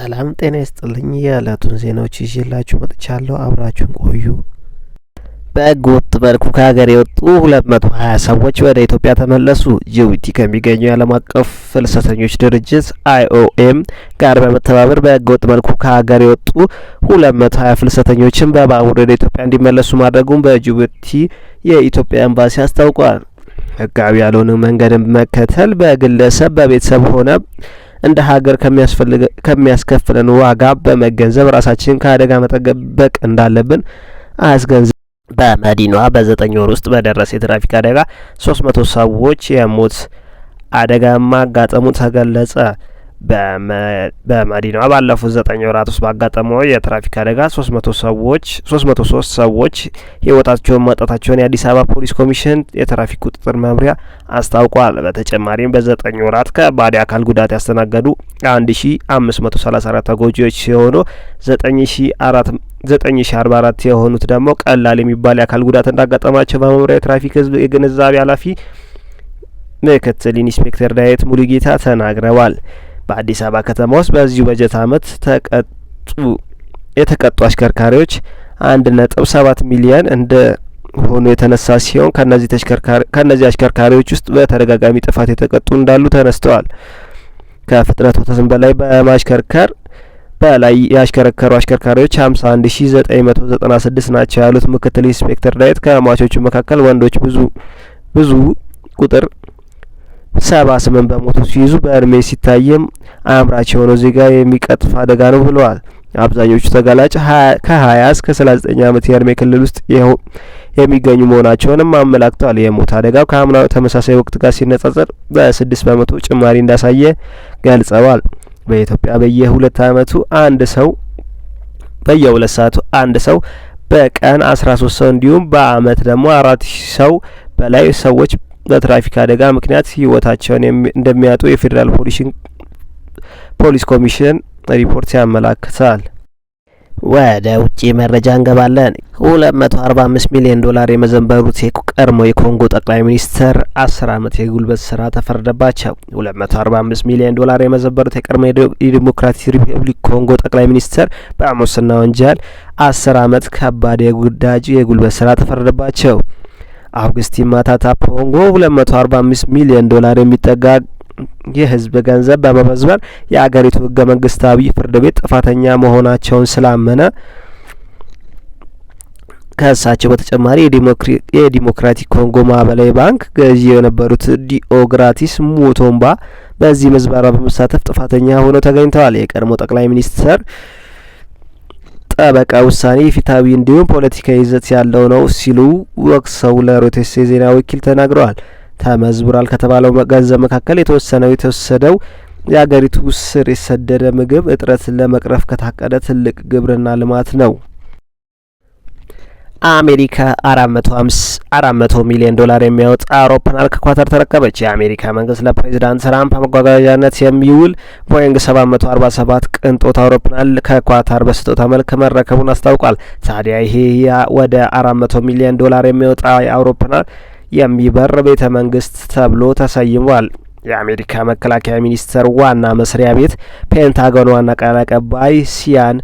ሰላም ጤና ይስጥልኝ። የዕለቱን ዜናዎች ይዤላችሁ መጥቻለሁ። አብራችሁን ቆዩ። በህገወጥ መልኩ ከሀገር የወጡ ሁለት መቶ ሀያ ሰዎች ወደ ኢትዮጵያ ተመለሱ። ጅቡቲ ከሚገኘው የዓለም አቀፍ ፍልሰተኞች ድርጅት አይኦኤም ጋር በመተባበር በህገወጥ መልኩ ከሀገር የወጡ ሁለት መቶ ሀያ ፍልሰተኞችን በባቡር ወደ ኢትዮጵያ እንዲመለሱ ማድረጉን በጅቡቲ የኢትዮጵያ ኤምባሲ አስታውቋል። ህጋዊ ያልሆነ መንገድን መከተል በግለሰብ በቤተሰብ ሆነ እንደ ሀገር ከሚያስከፍለን ዋጋ በመገንዘብ ራሳችንን ከአደጋ መጠበቅ እንዳለብን አያስገንዘብ በመዲናዋ በዘጠኝ ወር ውስጥ በደረሰ የትራፊክ አደጋ ሶስት መቶ ሰዎች የሞት አደጋ ማጋጠሙ ተገለጸ። በመዲናዋ ባለፉት ዘጠኝ ወራት ውስጥ ባጋጠመው የትራፊክ አደጋ ሶስት መቶ ሰዎች ሶስት መቶ ሶስት ሰዎች ህይወታቸውን ማጣታቸውን የአዲስ አበባ ፖሊስ ኮሚሽን የትራፊክ ቁጥጥር መምሪያ አስታውቋል። በተጨማሪም በዘጠኝ ወራት ከባድ አካል ጉዳት ያስተናገዱ አንድ ሺ አምስት መቶ ሰላሳ አራት ተጎጂዎች ሲሆኑ ዘጠኝ ሺ አራት ዘጠኝ ሺ አርባ አራት የሆኑት ደግሞ ቀላል የሚባል የአካል ጉዳት እንዳጋጠማቸው በመምሪያ የትራፊክ ህዝብ የግንዛቤ ኃላፊ ምክትል ኢንስፔክተር ዳየት ሙሉጌታ ተናግረዋል። በአዲስ አበባ ከተማ ውስጥ በዚሁ በጀት ዓመት ተቀጡ የተቀጡ አሽከርካሪዎች አንድ ነጥብ ሰባት ሚሊየን እንደ ሆኑ የተነሳ ሲሆን ከነዚህ ተሽከርካሪ ከነዚህ አሽከርካሪዎች ውስጥ በተደጋጋሚ ጥፋት የተቀጡ እንዳሉ ተነስተዋል። ከፍጥነት ወተትን በላይ በማሽከርከር በላይ ያሽከረከሩ አሽከርካሪዎች 51996 ናቸው ያሉት ምክትል ኢንስፔክተር ዳዊት ከሟቾቹ መካከል ወንዶች ብዙ ብዙ ቁጥር ሰባ ስምንት በመቶ ሲይዙ በእድሜ ሲታይም አምራች የሆነው ዜጋ የሚቀጥፍ አደጋ ነው ብለዋል። አብዛኞቹ ተጋላጭ ከሀያ እስከ ሰላሳ ዘጠኝ አመት የእድሜ ክልል ውስጥ የሚገኙ መሆናቸውንም አመላክተዋል። የሞት አደጋው ከአምናው ተመሳሳይ ወቅት ጋር ሲነጻጸር በስድስት በመቶ ጭማሪ እንዳሳየ ገልጸዋል። በኢትዮጵያ በየሁለት አመቱ አንድ ሰው በየሁለት ሰዓቱ አንድ ሰው በቀን አስራ ሶስት ሰው እንዲሁም በአመት ደግሞ አራት ሺህ ሰው በላይ ሰዎች በትራፊክ አደጋ ምክንያት ህይወታቸውን እንደሚያጡ የፌዴራል ፖሊስ ኮሚሽን ሪፖርት ያመላክታል። ወደ ውጭ መረጃ እንገባለን። 245 ሚሊዮን ዶላር የመዘበሩት የቀድሞ የኮንጎ ጠቅላይ ሚኒስትር 10 ዓመት የጉልበት ስራ ተፈረደባቸው። 245 ሚሊዮን ዶላር የመዘበሩት የቀድሞ የዲሞክራቲክ ሪፐብሊክ ኮንጎ ጠቅላይ ሚኒስትር በሙስና ወንጀል 10 ዓመት ከባድ የጉዳጅ የጉልበት ስራ ተፈረደባቸው። አውግስቲን ማታታ ፖንጎ 245 ሚሊዮን ዶላር የሚጠጋ የህዝብ ገንዘብ በመበዝበር የአገሪቱ ህገ መንግስታዊ ፍርድ ቤት ጥፋተኛ መሆናቸውን ስላመነ ከእሳቸው በተጨማሪ የዲሞክራቲክ ኮንጎ ማዕከላዊ ባንክ ገዢ የነበሩት ዲኦግራቲስ ሙቶምባ በዚህ ምዝበራ በመሳተፍ ጥፋተኛ ሆነው ተገኝተዋል። የቀድሞ ጠቅላይ ሚኒስትር ጠበቃ ውሳኔ ፊታዊ እንዲሁም ፖለቲካዊ ይዘት ያለው ነው ሲሉ ወቅሰው ለሮይተርስ የዜና ወኪል ተናግረዋል። ተመዝብሯል ከተባለው ገንዘብ መካከል የተወሰነው የተወሰደው የአገሪቱ ስር የሰደደ ምግብ እጥረት ለመቅረፍ ከታቀደ ትልቅ ግብርና ልማት ነው። አሜሪካ 400 ሚሊዮን ዶላር የሚያወጣ አውሮፕላን ከኳተር ተረከበች። የአሜሪካ መንግስት ለፕሬዚዳንት ትራምፕ መጓጓዣነት የሚውል ቦይንግ 747 ቅንጦት አውሮፕላን ከኳታር በስጦታ መልክ መረከቡን አስታውቋል። ታዲያ ይሄ ያ ወደ 400 ሚሊዮን ዶላር የሚወጣ አውሮፕላን የሚበር ቤተ መንግስት ተብሎ ተሰይሟል። የአሜሪካ መከላከያ ሚኒስቴር ዋና መስሪያ ቤት ፔንታጎን ዋና ቃል አቀባይ ሲያን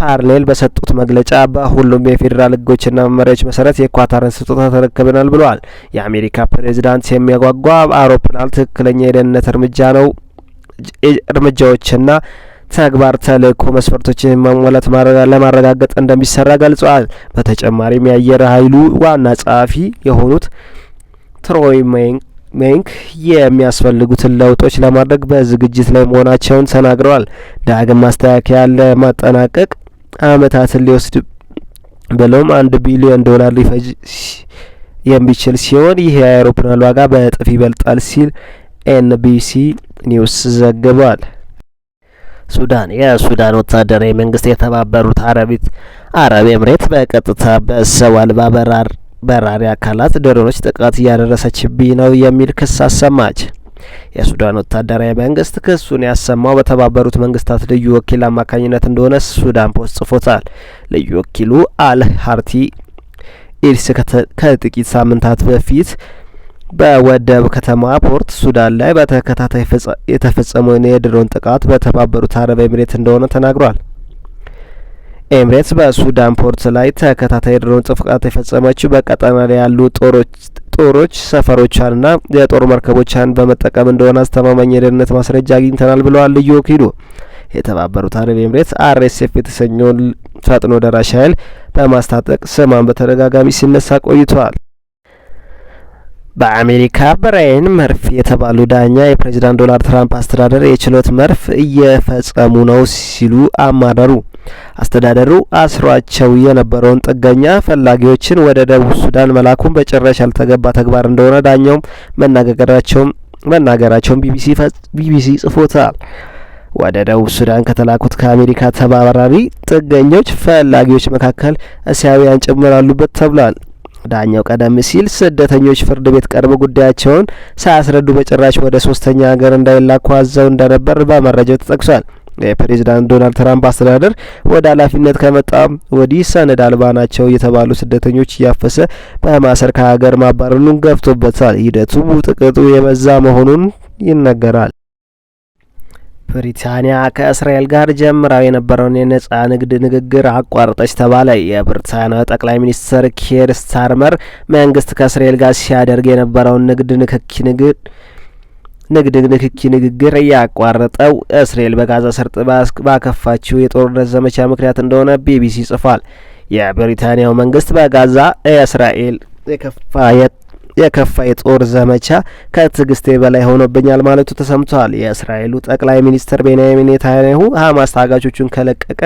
ፓርሌል በሰጡት መግለጫ በሁሉም የፌዴራል ህጎችና መመሪያዎች መሰረት የኳታርን ስጦታ ተረክበናል ብለዋል። የአሜሪካ ፕሬዚዳንት የሚያጓጓ አውሮፕላን ትክክለኛ የደህንነት እርምጃ ነው እርምጃዎችና ተግባር ተልእኮ መስፈርቶችን መሟላት ለማረጋገጥ እንደሚሰራ ገልጸዋል። በተጨማሪም የአየር ኃይሉ ዋና ጸሐፊ የሆኑት ትሮይ ሜንክ የሚያስፈልጉትን ለውጦች ለማድረግ በዝግጅት ላይ መሆናቸውን ተናግረዋል። ዳግም ማስተካከያ ለማጠናቀቅ አመታትን ሊወስድ ብለውም አንድ ቢሊዮን ዶላር ሊፈጅ የሚችል ሲሆን ይህ የአውሮፕላን ዋጋ በእጥፍ ይበልጣል ሲል ኤንቢሲ ኒውስ ዘግቧል። ሱዳን የሱዳን ወታደራዊ መንግስት የተባበሩት አረቢት አረብ ኤምሬት በቀጥታ በሰው አልባ በራሪ አካላት ድሮኖች ጥቃት እያደረሰችብኝ ነው የሚል ክስ አሰማች። የሱዳን ወታደራዊ መንግስት ክሱን ያሰማው በተባበሩት መንግስታት ልዩ ወኪል አማካኝነት እንደሆነ ሱዳን ፖስት ጽፎታል። ልዩ ወኪሉ አል ሀርቲ ኢድስ ከጥቂት ሳምንታት በፊት በወደብ ከተማ ፖርት ሱዳን ላይ በተከታታይ የተፈጸመውን የድሮን ጥቃት በተባበሩት አረብ ኤምሬት እንደሆነ ተናግሯል። ኤምሬትስ በሱዳን ፖርት ላይ ተከታታይ የድሮን ጥቃት የፈጸመችው በቀጠና ላይ ያሉ ጦሮች ጦሮች ሰፈሮቿንና የጦር መርከቦቿን በመጠቀም እንደሆነ አስተማማኝ የደህንነት ማስረጃ አግኝተናል ብለዋል ልዩ ወኪሉ። የተባበሩት አረብ ኤምሬት አርኤስኤፍ የተሰኘውን ፈጥኖ ደራሽ ኃይል በማስታጠቅ ስሟን በተደጋጋሚ ሲነሳ ቆይቷል። በአሜሪካ ብራይን መርፍ የተባሉ ዳኛ የፕሬዚዳንት ዶናልድ ትራምፕ አስተዳደር የችሎት መርፍ እየፈጸሙ ነው ሲሉ አማረሩ። አስተዳደሩ አስሯቸው የነበረውን ጥገኛ ፈላጊዎችን ወደ ደቡብ ሱዳን መላኩን በጭራሽ ያልተገባ ተግባር እንደሆነ ዳኛውም መናገራቸውም መናገራቸውን ቢቢሲ ጽፎታል። ወደ ደቡብ ሱዳን ከተላኩት ከአሜሪካ ተባራሪ ጥገኞች ፈላጊዎች መካከል እስያውያን ጭምር አሉበት ተብሏል። ዳኛው ቀደም ሲል ስደተኞች ፍርድ ቤት ቀርበው ጉዳያቸውን ሳያስረዱ በጭራሽ ወደ ሶስተኛ ሀገር እንዳይላኩ አዘው እንደነበር በመረጃው ተጠቅሷል። የፕሬዚዳንት ዶናልድ ትራምፕ አስተዳደር ወደ ኃላፊነት ከመጣ ወዲህ ሰነድ አልባ ናቸው የተባሉ ስደተኞች እያፈሰ በማሰር ከሀገር ማባረሩን ገፍቶበታል። ሂደቱ ጥቅጡ የበዛ መሆኑን ይነገራል። ብሪታንያ ከእስራኤል ጋር ጀምራው የነበረውን የነጻ ንግድ ንግግር አቋርጠች ተባለ። የብሪታንያ ጠቅላይ ሚኒስትር ኬር ስታርመር መንግስት ከእስራኤል ጋር ሲያደርግ የነበረውን ንግድ ንክኪ ንግድ ንግድ ንክኪ ንግግር ያቋረጠው እስራኤል በጋዛ ሰርጥ ባከፋችው የጦርነት ዘመቻ ምክንያት እንደሆነ ቢቢሲ ጽፏል። የብሪታንያው መንግስት በጋዛ እስራኤል የከፋ የከፋ የጦር ዘመቻ ከትዕግስቴ በላይ ሆኖብኛል ማለቱ ተሰምቷል። የእስራኤሉ ጠቅላይ ሚኒስትር ቤንያሚን ኔታንያሁ ሀማስ ታጋቾቹን ከለቀቀ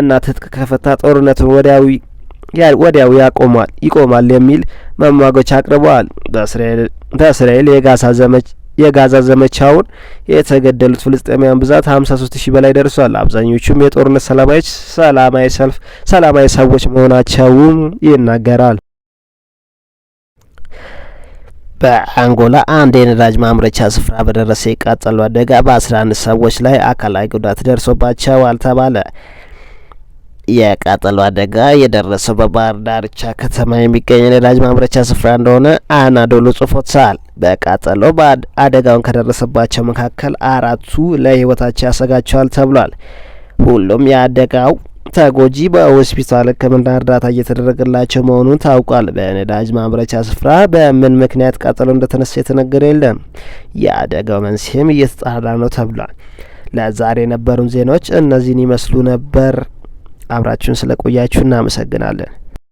እና ትጥቅ ከፈታ ጦርነቱን ወዲያዊ ወዲያው ያቆማል ይቆማል የሚል መሟገቻ አቅርበዋል። በእስራኤል የጋሳ ዘመቻ የጋዛ ዘመቻውን የተገደሉት ፍልስጤማውያን ብዛት ሀምሳ ሺህ በላይ ደርሷል። አብዛኞቹም የጦርነት ሰላማዎች ሰላማዊ ሰልፍ ሰላማዊ ሰዎች መሆናቸውም ይናገራል። በአንጎላ አንድ የነዳጅ ማምረቻ ስፍራ በደረሰ የቃጠሎ አደጋ በ11 ሰዎች ላይ አካላዊ ጉዳት ደርሶባቸዋል ተባለ። የቃጠሎ አደጋ የደረሰው በባህር ዳርቻ ከተማ የሚገኝ ነዳጅ ማምረቻ ስፍራ እንደሆነ አናዶሎ ጽፎታል። በቃጠሎ አደጋውን ከደረሰባቸው መካከል አራቱ ለህይወታቸው ያሰጋቸዋል ተብሏል። ሁሉም የአደጋው ተጎጂ በሆስፒታል ሕክምና እርዳታ እየተደረገላቸው መሆኑን ታውቋል። በነዳጅ ማምረቻ ስፍራ በምን ምክንያት ቃጠሎ እንደተነሳ የተነገረ የለም። የአደጋው መንስኤም እየተጣራ ነው ተብሏል። ለዛሬ የነበሩን ዜናዎች እነዚህን ይመስሉ ነበር። አብራችሁን ስለቆያችሁ እናመሰግናለን።